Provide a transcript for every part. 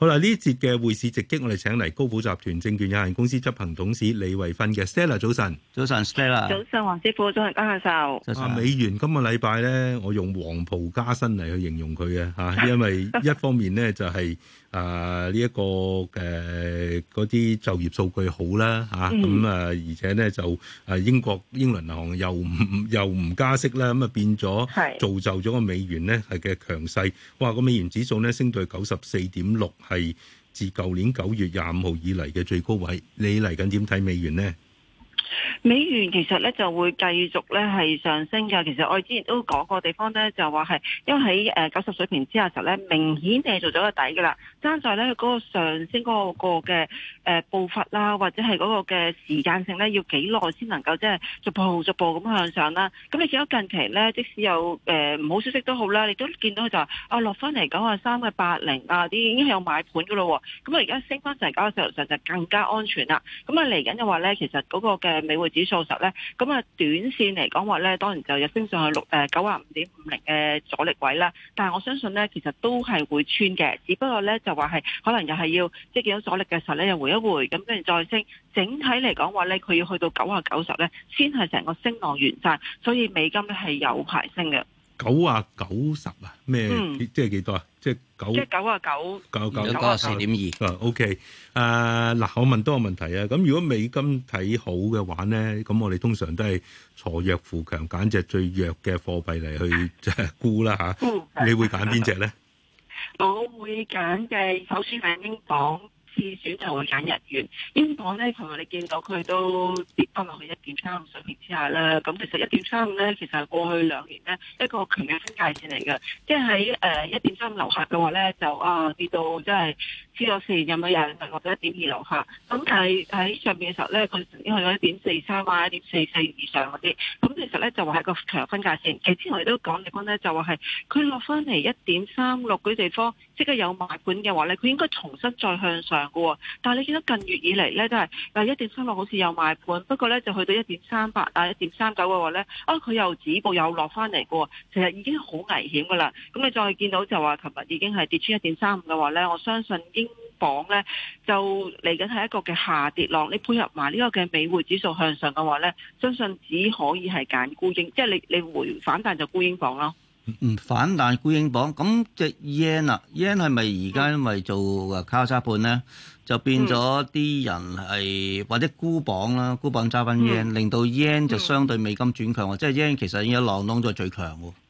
好啦，呢節嘅匯市直擊，我哋請嚟高寶集團證券有限公司執行董事李慧芬嘅 Stella 早，早，早，早晨，早晨 Stella 早晨黃師傅早晨，加下手。啊，美元今個禮拜咧，我用黃袍加身嚟去形容佢嘅吓，啊、因為一方面咧就係、是。 就是啊！呢、這、一個誒嗰啲就業數據好啦嚇，咁啊、嗯、啊而且咧就啊英國英倫銀行又唔又唔加息啦，咁啊變咗造就咗個美元咧係嘅強勢。哇！個美元指數咧升到九十四點六，係自舊年九月廿五號以嚟嘅最高位。你嚟緊點睇美元咧？美元其實咧就會繼續咧係上升嘅。其實我哋之前都講過地方咧就話係，因為喺誒九十水平之下時候咧明顯係做咗個底噶啦。爭在咧嗰個上升嗰個嘅誒步伐啦，或者係嗰個嘅時間性咧要幾耐先能夠即係逐步逐步咁向上啦。咁你見到近期咧即使有誒唔好消息都好啦，你都見到就話啊落翻嚟九啊三嘅八零啊啲已經係有買盤噶啦。咁啊而家升翻成九嘅時候就更加安全啦。咁啊嚟緊嘅話咧其實嗰個嘅。美匯指數實咧，咁啊短線嚟講話咧，當然就日升上去六誒九啊五點五零嘅阻力位啦。但係我相信咧，其實都係會穿嘅，只不過咧就話係可能又係要即係見到阻力嘅時候咧，又回一回，咁跟住再升。整體嚟講話咧，佢要去到九啊九十咧，先係成個升浪完晒。所以美金咧係有排升嘅。九啊九十啊咩？嗯、即係幾多啊？即係九即係九啊九九九九啊四點二。OK，誒嗱，我問多個問題啊。咁如果美金睇好嘅話咧，咁我哋通常都係鋤弱扶強，揀隻最弱嘅貨幣嚟去即係沽啦嚇。 啊哦、你會揀邊隻咧？我會揀嘅首先係英鎊。次選就會揀日元，英鎊咧，尋日你見到佢都跌翻落去一點三五水平之下啦。咁其實一點三五咧，其實係過去兩年咧一個強嘅分界線嚟嘅。即係喺誒一點三五樓下嘅話咧，就啊跌到即係超過四，有冇廿五或者一點二樓下。咁但係喺上邊嘅時候咧，佢已經有一點四三或者一點四四以上嗰啲。咁其實咧就話係個強分界線。其實之前我哋都講你講咧，就話係佢落翻嚟一點三六嗰啲地方，即係有買盤嘅話咧，佢應該重新再向上。但係你見到近月以嚟咧都係，但一點三六好似有賣盤，不過咧就去到一點三八啊、一點三九嘅話咧，啊佢又止步又落翻嚟嘅喎，其實已經好危險嘅啦。咁你再見到就話，琴日已經係跌穿一點三五嘅話咧，我相信英鎊咧就嚟緊係一個嘅下跌浪。你配合埋呢個嘅美匯指數向上嘅話咧，相信只可以係揀沽英，即係你你回反彈就沽英鎊咯。唔、嗯、反彈沽英鎊，咁隻 yen 啊 yen 係咪而家因為做啊交叉盤咧，就變咗啲人係或者沽鎊啦，沽鎊揸翻 yen，令到 yen 就相對美金轉強喎，即係 yen 其實已經一浪洩咗最強喎。嗯嗯嗯。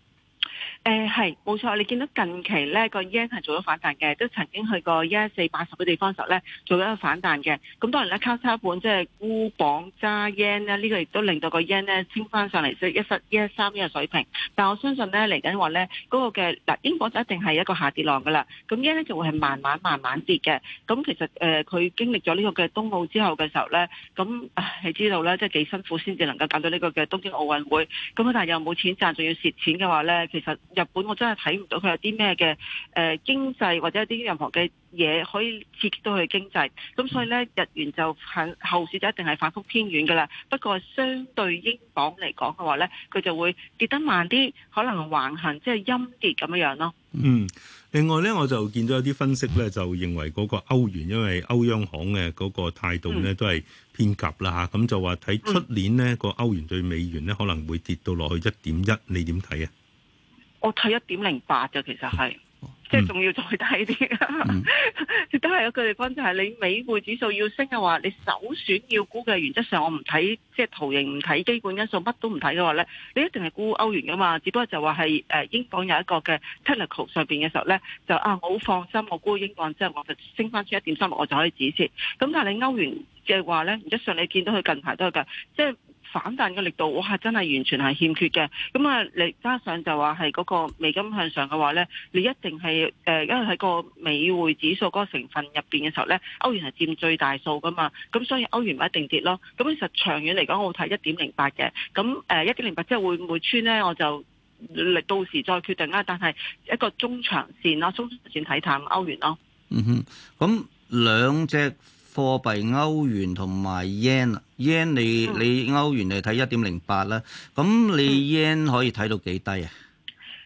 誒係冇錯，你見到近期咧個 yen 係做咗反彈嘅，都曾經去過一一四八十嘅地方時候咧，做咗一個反彈嘅。咁當然咧交叉盤即係沽磅揸 yen 咧，呢個亦都令到個 yen 咧升翻上嚟，即係一一三一呢個水平。但我相信咧嚟緊話咧嗰個嘅嗱英國就一定係一個下跌浪噶啦。咁 yen 咧就會係慢慢慢慢跌嘅。咁其實誒佢經歷咗呢個嘅東奧之後嘅時候咧，咁係知道咧即係幾辛苦先至能夠搞到呢個嘅東京奧運會。咁啊但係又冇錢賺，仲要蝕錢嘅話咧，其實。日本我真係睇唔到佢有啲咩嘅，誒經濟或者有啲任何嘅嘢可以刺激到佢經濟咁，所以咧日元就向後市就一定係反覆偏軟嘅啦。不過相對英鎊嚟講嘅話咧，佢就會跌得慢啲，可能橫行即係陰跌咁樣樣咯。嗯，另外咧，我就見到有啲分析咧，就認為嗰個歐元因為歐央行嘅嗰個態度咧都係偏急啦嚇，咁就話睇出年咧個歐元對美元咧可能會跌到落去一點一。你點睇啊？我退一點零八嘅，其實係，即係仲要再低啲。嗯、 都係一個地方，就係、是、你美匯指數要升嘅話，你首選要估嘅原則上我，我唔睇即係圖形，唔睇基本因素，乜都唔睇嘅話咧，你一定係估歐元噶嘛。只不過就話係誒英鎊有一個嘅 technical 上邊嘅時候呢，就啊，我好放心，我估英鎊之後我就升翻出一點三六，我就可以止蝕。咁但係你歐元嘅話呢，原則上你見到佢近排都係㗎，即係。反彈嘅力度，哇！真係完全係欠缺嘅。咁啊，你加上就話係嗰個美金向上嘅話呢，你一定係誒、呃，因為喺個美匯指數嗰個成分入邊嘅時候呢，歐元係佔最大數噶嘛。咁所以歐元咪一定跌咯。咁其實長遠嚟講，我會睇一點零八嘅。咁誒，一點零八即係會唔會穿呢？我就嚟到時再決定啦。但係一個中長線啦，中長線睇淡歐元咯。嗯哼，咁兩隻。貨幣歐元同埋 yen 啊，yen 你、嗯、你歐元你睇一點零八啦，咁你 yen 可以睇到幾低啊？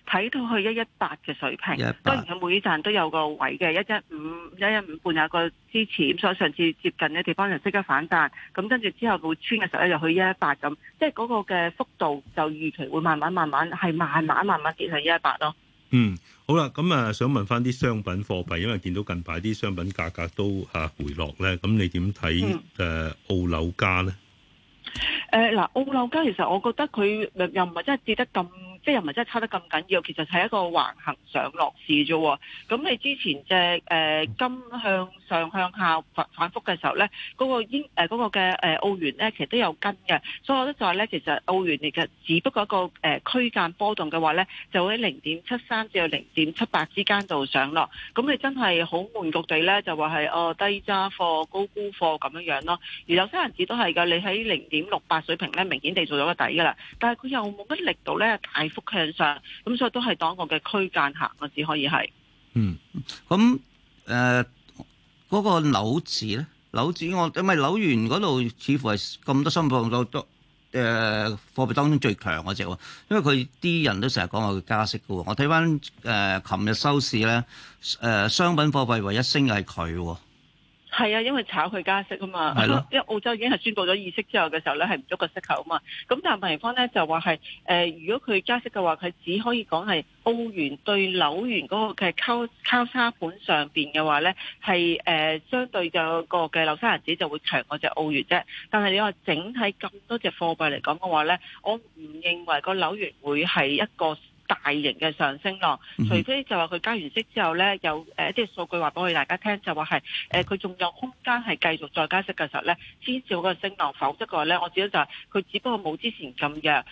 睇到去一一八嘅水平，當然佢每站都有個位嘅一一五、一一五半有個支持，所以上次接近嘅地方就即刻反彈，咁跟住之後會穿嘅時候咧就去一一八咁，即係嗰個嘅幅度就預期會慢慢慢慢係慢慢慢慢跌上一一八咯。嗯，好啦，咁、嗯、啊想問翻啲商品貨幣，因為見到近排啲商品價格都啊回落咧，咁你點睇誒澳樓價咧？誒嗱，澳樓價其實我覺得佢又唔係真係跌得咁。即係又唔係真係差得咁緊要，其實係一個橫行上落市啫。咁你之前隻誒、呃、金向上向下反反覆嘅時候呢，嗰、嗰個英誒嗰嘅誒澳元呢，其實都有跟嘅。所以我都就係呢，其實澳元其實只不過一個誒區間波動嘅話呢，就會喺零點七三至到零點七八之間度上落。咁你真係好悶局地呢，就話係哦低揸貨高沽貨咁樣樣咯。而有些人紙都係㗎，你喺零點六八水平呢，明顯地做咗個底㗎啦。但係佢又冇乜力度呢。大幅向上，咁所以都係當我嘅區間客。我只可以係。嗯，咁誒，嗰、呃那個紐字咧，紐字我因為紐元嗰度，似乎係咁多商品當中誒貨幣當中最強嗰隻喎，因為佢啲人都成日講話佢加息嘅，我睇翻誒琴日收市咧，誒、呃、商品貨幣唯一升嘅係佢。呃係啊，因為炒佢加息啊嘛，的因為澳洲已經係宣布咗議息之後嘅時候咧，係唔足個息口啊嘛。咁但係另一方面咧，就話係誒，如果佢加息嘅話，佢只可以講係澳元對紐元嗰個嘅溝交叉盤上邊嘅話咧，係誒、呃、相對嘅個嘅紐西蘭紙就會強過隻澳元啫。但係你話整體咁多隻貨幣嚟講嘅話咧，我唔認為個紐元會係一個大型嘅上升浪，除非就話佢加完息之後呢，有誒一啲數據話俾我哋大家聽，就話係誒佢仲有空間係繼續再加息嘅時候呢，先至會個升浪；否則嘅話呢，我指嘅就係佢，只不過冇之前咁弱。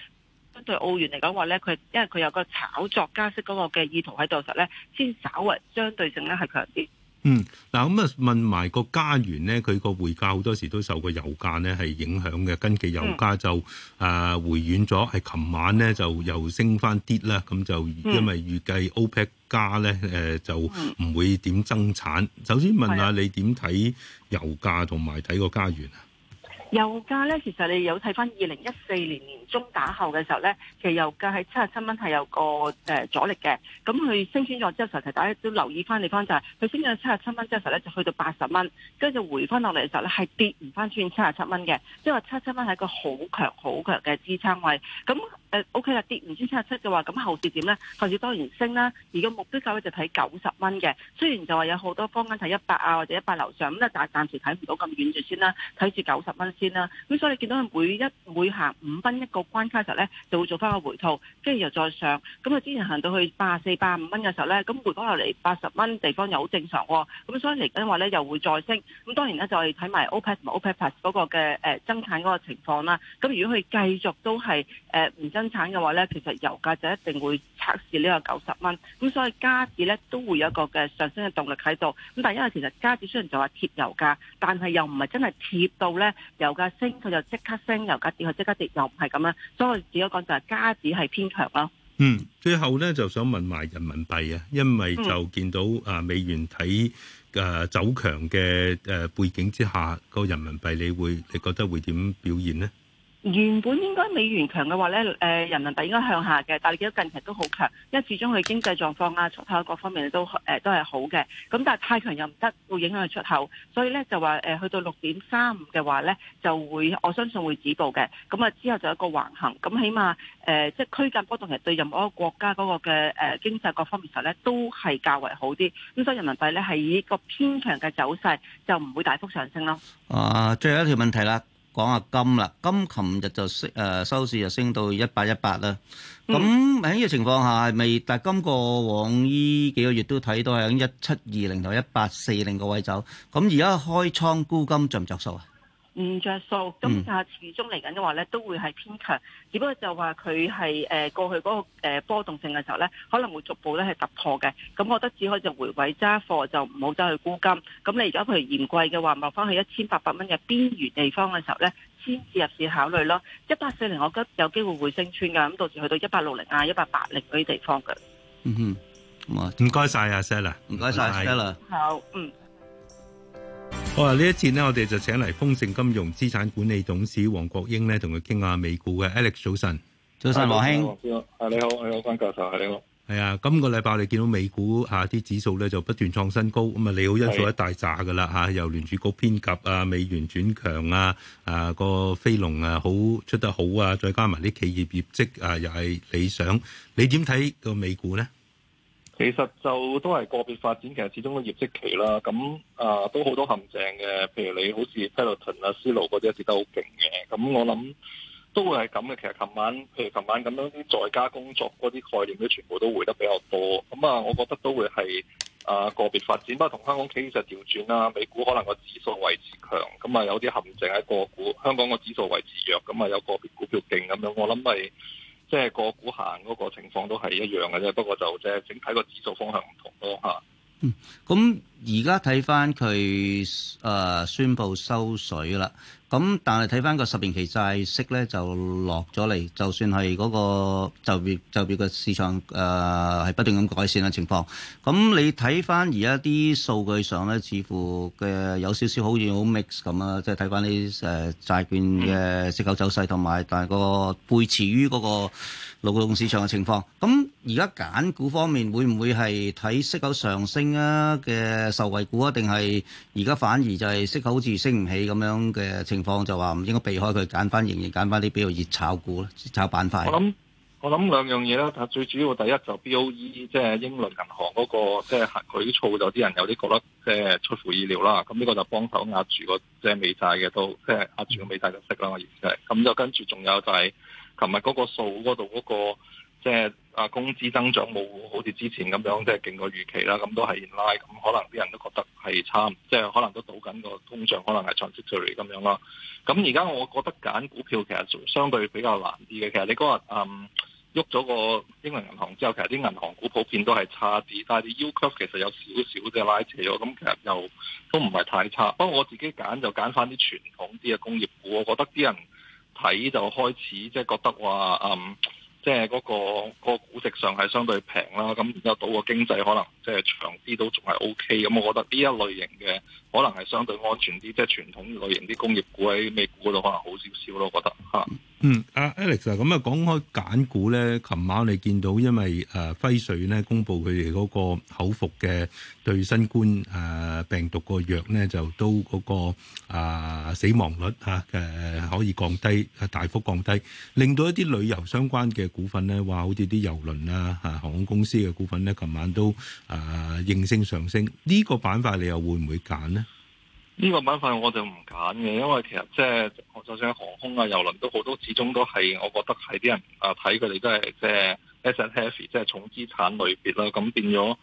相對澳元嚟講話呢，佢因為佢有個炒作加息嗰個嘅意圖喺度，時候呢先稍為相對性呢係強啲。嗯，嗱咁啊，問埋個加元咧，佢個匯價好多時都受個油價咧係影響嘅，跟住油價就誒回、呃、軟咗，係琴晚咧就又升翻啲啦，咁就因為預計 OPEC 加咧誒、呃、就唔會點增產，首先問下你點睇油價同埋睇個加元啊？油價咧，其實你有睇翻二零一四年年中打後嘅時候咧，其實油價喺七十七蚊係有個誒、呃、阻力嘅。咁、嗯、佢升穿咗之後嘅時候，大家都留意翻嚟翻就係、是、佢升咗七十七蚊之後咧，就去到八十蚊，跟住回翻落嚟嘅時候咧，係跌唔翻穿七十七蚊嘅。即係話七十七蚊係一個好強好強嘅支撐位。咁誒、呃、OK 啦，跌唔穿七十七就話咁後市點咧？後市當然升啦。而個目標價咧就睇九十蚊嘅。雖然就話有好多坊間睇一百啊，或者一百樓上，咁啊暫暫時睇唔到咁遠住先啦，睇住九十蚊。先啦，咁、嗯、所以你見到佢每一每行五蚊一個關卡時候咧，就會做翻個回吐，跟住又再上。咁啊，之前行到去八四、八五蚊嘅時候咧，咁回吐落嚟八十蚊地方又好正常喎、哦。咁所以嚟緊話咧又會再升。咁當然咧就係睇埋 OPEC 同埋 OPEC Plus 嗰個嘅誒、呃、增產嗰個情況啦。咁如果佢繼續都係誒唔增產嘅話咧，其實油價就一定會測試呢個九十蚊。咁所以加子咧都會有一個嘅上升嘅動力喺度。咁但係因為其實加子雖然就話貼油價，但係又唔係真係貼到咧。油價升，佢就即刻升；油價跌，佢即刻跌，又唔係咁啦。所以我只可講就係加紙係偏強咯。嗯，最後咧就想問埋人民幣啊，因為就見到、嗯、啊美元睇誒、呃、走強嘅誒背景之下，個人民幣你會你覺得會點表現呢？原本應該美元強嘅話咧，誒、呃、人民幣應該向下嘅，但係見到近期都好強，因為始終佢經濟狀況啊、出口各方面都誒、呃、都係好嘅。咁但係太強又唔得，會影響佢出口，所以咧就話誒、呃、去到六點三五嘅話咧，就會我相信會止步嘅。咁、嗯、啊之後就一個橫行，咁、嗯、起碼誒、呃、即係區間波動其實對任何一個國家嗰個嘅誒、呃、經濟各方面時候咧都係較為好啲。咁所以人民幣咧係以個偏強嘅走勢，就唔會大幅上升咯。啊，最後一條問題啦。講下金啦，金琴日就升，誒、呃，收市就升到一八一八啦。咁喺呢個情況下，係咪？但係今個往呢幾個月都睇到喺一七二零到一八四零個位走。咁而家開倉沽金着唔着數啊？唔著數，但係始終嚟緊嘅話咧，都會係偏強，只不過就話佢係誒過去嗰個誒波動性嘅時候咧，可能會逐步咧係突破嘅。咁我覺得只可以就回位揸貨，就唔好走去沽金。咁你而家譬如嫌貴嘅話，落翻去一千八百蚊嘅邊緣地方嘅時候咧，先至入市考慮咯。一八四零我覺得有機會會升穿嘅，咁到時去到一八六零啊、一八八零嗰啲地方嘅。嗯哼，哇，唔該晒啊，Sara，唔該晒 Sara，好，嗯。好啊！呢一次呢，我哋就請嚟豐盛金融資產管理董事黃國英呢，同佢傾下美股嘅 Alex 早晨。早晨黃兄，你好，你好，關教授，你好，係啊！今個禮拜你見到美股吓啲指數咧就不斷創新高，咁啊利好因素一大紮噶啦吓，的由聯儲局偏鴿啊，美元轉強啊，啊個非農啊好出得好啊，再加埋啲企業業績啊又係理想，你點睇個美股咧？其實就都係個別發展，其實始終個業績期啦，咁啊都好多陷阱嘅。譬如你好似 Peloton 啊、Slu 嗰啲一直都好勁嘅，咁我諗都會係咁嘅。其實琴晚譬如琴晚咁樣啲在家工作嗰啲概念都全部都回得比較多，咁啊我覺得都會係啊個別發展，不過同香港經濟調轉啦，美股可能個指數維持強，咁啊有啲陷阱喺個股，香港個指數維持弱，咁啊有個別股票勁咁樣，我諗咪。即係個股行嗰個情況都係一樣嘅啫，不過就即係整體個指數方向唔同咯吓。嗯，咁而家睇翻佢誒宣布收水啦。咁但係睇翻個十年期債息咧就落咗嚟，就算係嗰個就業就業個市場誒係不斷咁改善嘅情況。咁你睇翻而家啲數據上咧，似乎嘅有少少好似好 mix 咁啊！即係睇翻啲誒債券嘅息口走勢，同埋但係個背馳於嗰個勞動市場嘅情況。咁而家揀股方面會唔會係睇息口上升啊嘅受惠股啊？定係而家反而就係息口好似升唔起咁樣嘅情況，就話唔應該避開佢，揀翻仍然揀翻啲比較熱炒股咧，炒板塊。我諗我諗兩樣嘢啦，但最主要第一就 B O E，即係英倫銀行嗰、那個，即係佢措有啲人，有啲覺得即係、就是、出乎意料啦。咁呢個就幫手壓住個即係美債嘅都，即係壓住個美債嘅、啊、息啦。我意思係，咁就跟住仲有就係琴日嗰個數嗰度嗰個。即係啊，工資增長冇好似之前咁樣，即係勁過預期啦。咁都係 in line，咁可能啲人都覺得係差，即係可能都賭緊個通脹，可能係 transitory 咁樣咯。咁而家我覺得揀股票其實相對比較難啲嘅。其實你嗰日喐咗個英倫銀行之後，其實啲銀行股普遍都係差啲，但係啲 yield curve 其實有少少即係拉斜咗。咁其實又都唔係太差。不過我自己揀就揀翻啲傳統啲嘅工業股，我覺得啲人睇就開始即係覺得話嗯。即係嗰個、嗰個估值上係相對平啦，咁然之後到個經濟可能即係長啲都仲係 O K，咁我覺得呢一類型嘅。可能係相對安全啲，即係傳統類型啲工業股喺美股度可能好少少咯，我覺得嚇。嗯，阿 Alex 啊，咁啊講開揀股咧，琴晚我哋見到，因為誒輝瑞咧公佈佢哋嗰個口服嘅對新冠誒病毒個藥咧，就都嗰個啊死亡率嚇誒可以降低，係大幅降低，令到一啲旅遊相關嘅股份咧，哇，好似啲遊輪啊、嚇航空公司嘅股份咧，琴晚都啊應聲上升。呢個板塊你又會唔會揀咧？呢個板塊我就唔揀嘅，因為其實即係，就算喺航空啊、郵輪都好多始終都，始終都係我覺得係啲人啊睇佢哋都係即係就是、asset-heavy，即係重資產類別啦。咁變咗，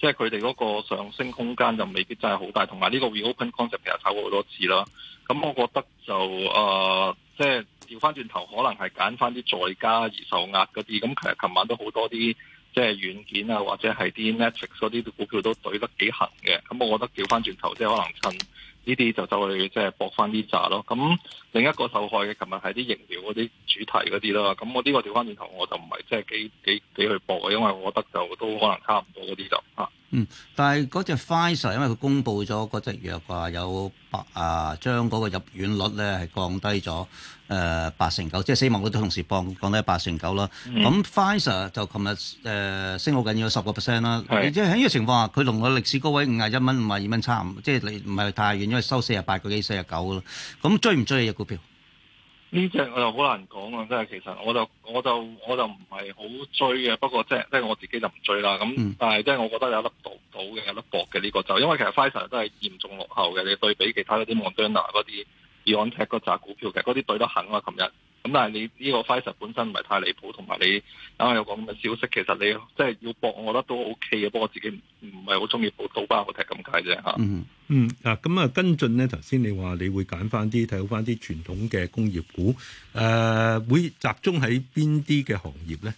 即係佢哋嗰個上升空間就未必真係好大。同埋呢個 reopen concept 其實炒過好多次啦。咁我覺得就誒，即係調翻轉頭，可能係揀翻啲再加而受壓嗰啲。咁其實琴晚都好多啲即係軟件啊，或者係啲 Matrix 嗰啲股票都懟得幾狠嘅。咁我覺得調翻轉頭，即係可能趁。呢啲就走去即係、就是、搏翻啲炸咯，咁、嗯、另一個受害嘅琴日係啲燃料嗰啲主題嗰啲啦，咁我呢個調翻轉頭我就唔係即係幾幾幾去搏嘅，因為我覺得就都可能差唔多嗰啲就嚇。嗯，但係嗰隻 Fiser 因為佢公布咗嗰隻藥話有百啊，將嗰個入院率咧係降低咗誒八成九，即係死亡率都同時降降低八成九、嗯呃、啦。咁 Fiser 就琴日誒升好緊要十個 percent 啦。即係喺呢個情況下，佢同個歷史高位五十一蚊、五十二蚊差唔，即係你唔係太遠，因為收四廿八個幾、四廿九咯。咁追唔追呢隻股票？呢隻我又好難講啊！真係其實，我就我就我就唔係好追嘅。不過即係即係我自己就唔追啦。咁，但係即係我覺得有粒度唔到嘅，有粒搏嘅呢個就，因為其實 Fisher 都係嚴重落後嘅。你對比其他嗰啲 Margin 啊、嗰啲 EonTech 嗰扎股票嘅，嗰啲對得狠啊！琴日咁，但係你呢個 Fisher 本身唔係太離譜，同埋你等啱有講咁嘅消息，其實你即係要搏，我覺得都 O K 嘅。不過我自己唔唔係好中意做倒班，我睇咁解啫嚇。嗯嗱，咁啊跟進咧，頭先你話你會揀翻啲睇好翻啲傳統嘅工業股，誒、呃、會集中喺邊啲嘅行業咧？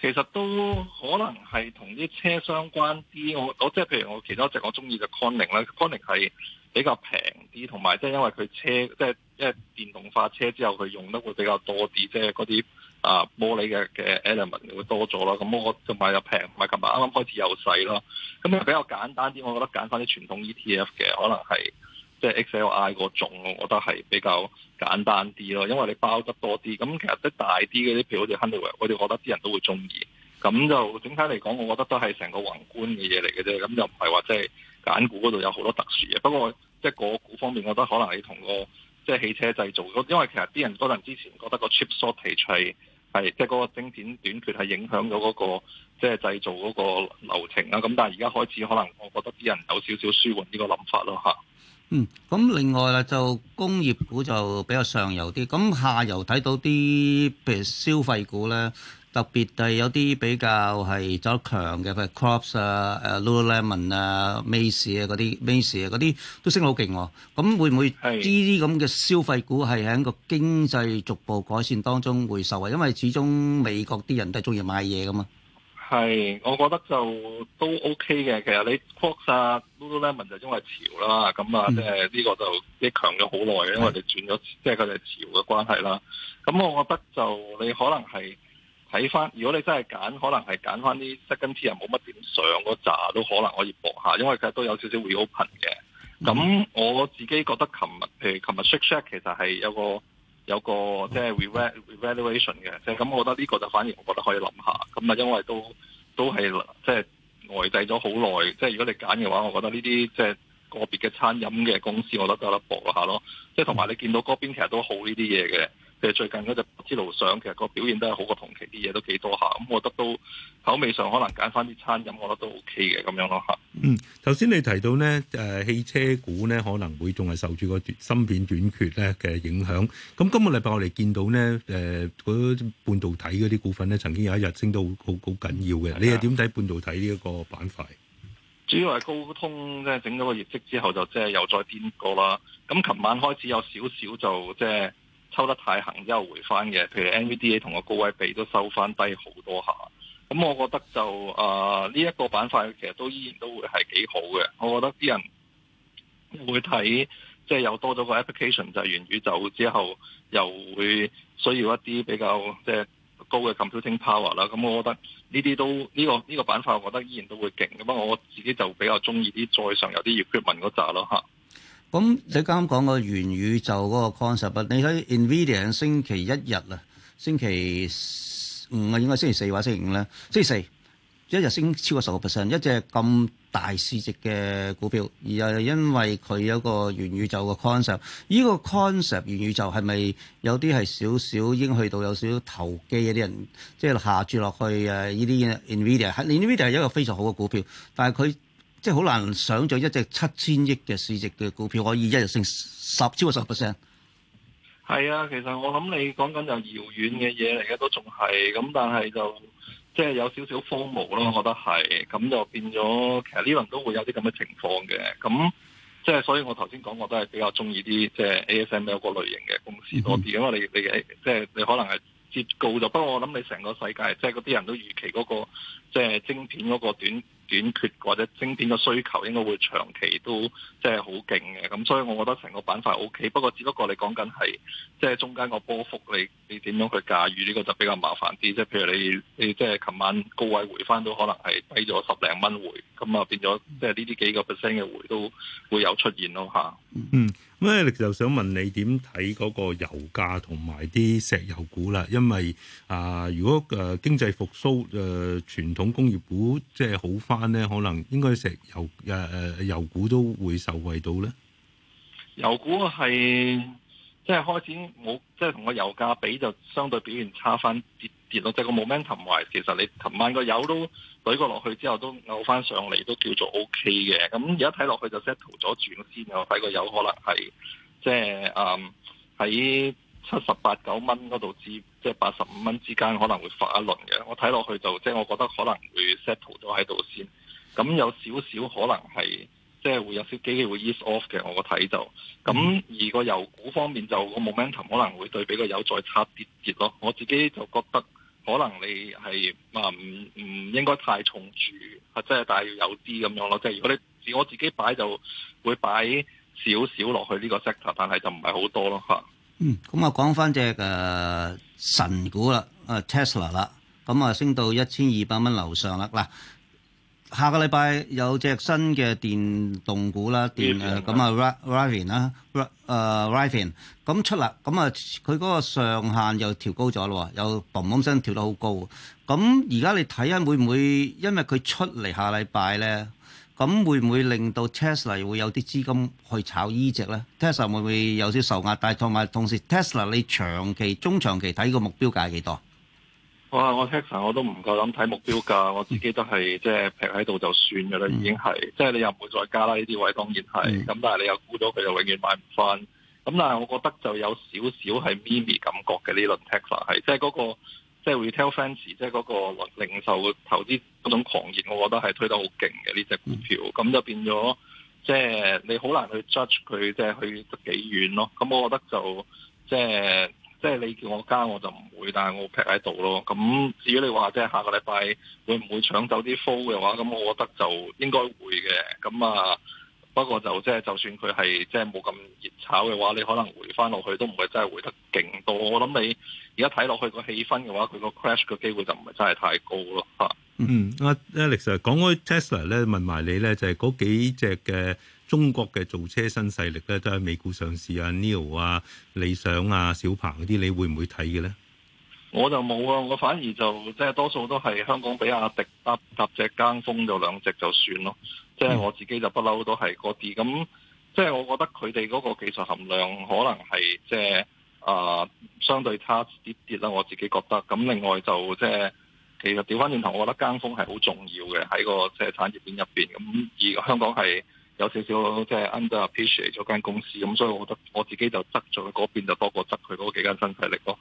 其實都可能係同啲車相關啲，我我即係譬如我其中一隻我中意嘅 Conning 咧，Conning 係比較平啲，同埋即係因為佢車即係即係電動化車之後，佢用得會比較多啲，即係嗰啲。啊，玻璃嘅嘅 element 會多咗啦，咁、嗯、我就買入平，同埋琴日啱啱開始又細咯。咁、嗯嗯嗯、比較簡單啲，我覺得揀翻啲傳統 ETF 嘅，可能係即係、就是、XLI 嗰種，我覺得係比較簡單啲咯。因為你包得多啲，咁、嗯、其實即大啲嗰啲，譬如好似 Honeywell 我哋覺得啲人都會中意。咁就整體嚟講，我覺得都係成個宏觀嘅嘢嚟嘅啫，咁就唔係話即係揀股嗰度有好多特殊嘅。不過即係、就是、個股方面，我覺得可能你同個即係汽車製造，因為其實啲人可能之前覺得個 chip shortage 係即係嗰個晶片短缺係影響咗嗰、嗰個即係製造嗰個流程啦，咁但係而家開始可能我覺得啲人有少少舒緩呢個諗法咯吓，嗯，咁另外啦，就工業股就比較上游啲，咁下游睇到啲譬如消費股咧。特別係有啲比較係走得強嘅，譬如 Crops 啊、誒 Lululemon 啊、Macy 啊嗰啲，Macy 啊嗰啲都升得好勁喎。咁會唔會呢啲咁嘅消費股係喺一個經濟逐步改善當中會受惠？因為始終美國啲人都係中意買嘢㗎嘛。係，我覺得就都 OK 嘅。其實你 Crops 啊、Lululemon 就因為潮啦，咁啊，即係呢個就啲強咗好耐嘅，因為我哋轉咗，即係佢哋潮嘅關係啦。咁我覺得就你可能係，睇翻，如果你真係揀，可能係揀翻啲 Second Tier 又冇乜點上嗰扎，都可能可以搏下，因為其實都有少少 reopen 嘅。咁我自己覺得琴日，譬如琴日 Shake Shack 其實係有個有個即係 revaluation 嘅，即係咁，我覺得呢個就反而我覺得可以諗下。咁啊，因為都都係即係呆滯咗好耐。即係如果你揀嘅話，我覺得呢啲即係個別嘅餐飲嘅公司，我覺得都得有得搏一下咯。即係同埋你見到嗰邊其實都好呢啲嘢嘅。即係最近嗰隻之路上，其實個表現都係好過同期，啲嘢都幾多下。咁、嗯、我覺得都口味上可能揀翻啲餐飲，我覺得都 OK 嘅咁樣咯嚇。嗯，頭先你提到咧誒、啊、汽車股咧可能會仲係受住個芯片短缺咧嘅影響。咁今個禮拜我哋見到咧誒、呃、半導體嗰啲股份咧曾經有一日升到好好緊要嘅。的你係點睇半導體呢一個板塊？主要係高通即係整咗個業績之後，就即係又再跌過啦。咁琴晚開始有少少就即係。收得太行，之後回翻嘅，譬如 NVDA 同個高位比都收翻低好多下，咁我覺得就啊呢一個板塊其實都依然都會係幾好嘅，我覺得啲人會睇即係有多咗個 application 就係元宇宙之後，又會需要一啲比較即係、就是、高嘅 computing power 啦，咁我覺得呢啲都呢、這個呢、這個板塊，我覺得依然都會勁，不過我自己就比較中意啲再上有啲 equipment 嗰扎咯嚇。咁你啱啱講個元宇宙嗰個 concept，你睇 Nvidia 星期一日啊，星期五啊，應該星期四，話星期五咧，星期四一日升超過十個 percent，一隻咁大市值嘅股票，而又因為佢有個元宇宙嘅 concept，依個 concept 元宇宙係咪有啲係少少已經去到有少少投機嘅啲人，即係下注落去誒依、啊、啲 Nvidia，Nvidia 係一個非常好嘅股票，但係佢。即係好難想象一隻七千億嘅市值嘅股票可以一日升十超過十 percent。係啊，其實我諗你講緊就遙遠嘅嘢嚟，嘅都仲係咁，但係就即係有少少荒謬咯，我覺得係咁就變咗。其實呢輪都會有啲咁嘅情況嘅。咁即係所以我，我頭先講我都係比較中意啲即係 ASML 個類型嘅公司多啲，嗯、哼因為你你即係你可能係接告，就不過我諗你成個世界即係嗰啲人都預期嗰、那個即係晶片嗰個短。短缺或者精銳嘅需求應該會長期都即係好勁嘅，咁所以我覺得成個板塊 OK。不過只不過你講緊係即係中間個波幅，你你點樣去駕馭呢個就比較麻煩啲。即係譬如你你即係琴晚高位回翻都可能係低咗十零蚊回，咁啊變咗即係呢啲幾個 percent 嘅回都會有出現咯吓，啊、嗯，咁咧就想問你點睇嗰個油價同埋啲石油股啦？因為啊、呃，如果誒、呃、經濟復蘇誒傳統工業股即係好翻。咧，可能應該食油誒誒、啊、油股都會受惠到咧。油股係即係開始，我即係同個油價比就相對表現差翻，跌跌落。即係個 momentum 唔、um, 係，其實你琴晚個油都舉過落去之後都扭翻上嚟，都叫做 O K 嘅。咁而家睇落去就 settle 咗轉先，我睇個油可能係即係嗯喺。Um, 七十八九蚊嗰度至，即係八十五蚊之間，可能會發一輪嘅。我睇落去就，即係我覺得可能會 settle 咗喺度先。咁有少少可能係，即係會有少機會 ease off 嘅。我個睇就，咁而個油股方面就個 momentum 可能會對比個油再差啲跌咯。我自己就覺得可能你係啊唔唔應該太重注，啊即係但係要有啲咁樣咯。即係如果你自我自己擺就會擺少少落去呢個 sector，但係就唔係好多咯嚇。嗯，咁啊，講翻隻誒神股啦，誒 Tesla 啦，咁啊升到一千二百蚊樓上啦。嗱，下個禮拜有隻新嘅電動股啦，電誒咁啊 Rivian 啦，誒 Rivian，咁出嚟，咁啊佢嗰個上限又調高咗咯，又砰砰聲調到好高。咁而家你睇下會唔會，因為佢出嚟下禮拜咧？咁會唔會令到 Tesla 會有啲資金去炒依隻咧？Tesla 會唔會有少少受壓？但係同埋同時 Tesla 你長期、中長期睇個目標價係幾多哇？我我 Tesla 我都唔夠膽睇目標價，我自己都係即係劈喺度就算嘅啦，已經係即係你又唔會再加啦。呢啲位當然係咁，嗯、但係你又估咗佢就永遠買唔翻。咁但係我覺得就有少少係咪咪感覺嘅呢輪 Tesla 係即係嗰即係 retail frenzy 即係嗰個零售投資嗰種狂熱，我覺得係推得好勁嘅呢隻股票，咁就變咗即係你好難去 judge 佢即係去得幾遠咯。咁我覺得就即係即係你叫我加我就唔會，但係我會劈喺度咯。咁至於你話即係下個禮拜會唔會搶走啲 follow 嘅話，咁我覺得就應該會嘅。咁啊。不過就即係，就算佢係即係冇咁熱炒嘅話，你可能回翻落去都唔會真係回得勁多。我諗你而家睇落去個氣氛嘅話，佢個 crash 嘅機會就唔係真係太高啦嚇。嗯，阿 Alex 講開 Tesla 咧，問埋你咧，就係嗰幾隻嘅中國嘅造車新勢力咧，都喺美股上市啊，Nio 啊、理想啊、小鵬嗰啲，你會唔會睇嘅咧？我就冇啊，我反而就即係多數都係香港比亞迪搭搭隻，跟風就兩隻就算咯。即係我自己就不嬲都係嗰啲，咁即係我覺得佢哋嗰個技術含量可能係即係啊相對差啲啲啦，我自己覺得。咁另外就即係其實掉返轉頭，我覺得間鋒係好重要嘅喺個即係產業鏈入邊。咁而香港係。有少少即係 underappreciate 咗間公司，咁所以我覺得我自己就執咗嗰邊就多過執佢嗰幾間新勢力咯。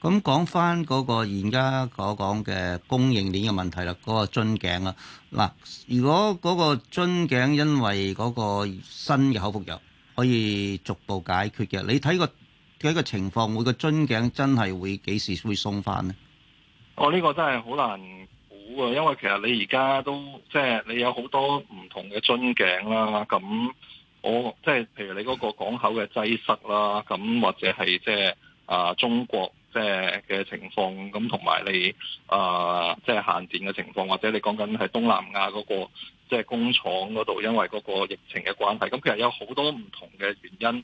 咁講翻嗰個而家所講嘅供應鏈嘅問題啦，嗰、那個樽頸啦，嗱、啊，如果嗰個樽頸因為嗰個新嘅口服藥可以逐步解決嘅，你睇、這個睇、這個情況，會個樽頸真係會幾時會鬆翻呢？我呢、哦這個真係好難。因為其實你而家都即係、就是、你有好多唔同嘅樽頸啦，咁我即係譬如你嗰個港口嘅擠塞啦，咁或者係即係啊中國即係嘅情況，咁同埋你啊即係限電嘅情況，或者你講緊係東南亞嗰、嗰個即係、就是、工廠嗰度，因為嗰個疫情嘅關係，咁其實有好多唔同嘅原因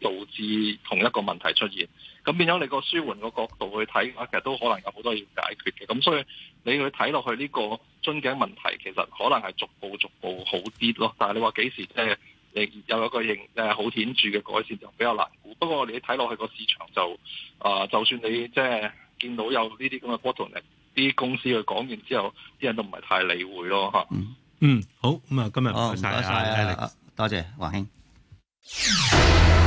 導致同一個問題出現。咁變咗你個舒緩個角度去睇，其實都可能有好多要解決嘅。咁所以你去睇落去呢個樽頸問題，其實可能係逐步逐步好啲咯。但係你話幾時即係你有一個形誒好顯著嘅改善，就比較難估。不過你睇落去個市場就啊，就算你即係見到有呢啲咁嘅 positive，啲公司去講完之後，啲人都唔係太理會咯。嚇，嗯，好。咁、嗯、啊，今日唔該曬，Alex 多謝黃兄。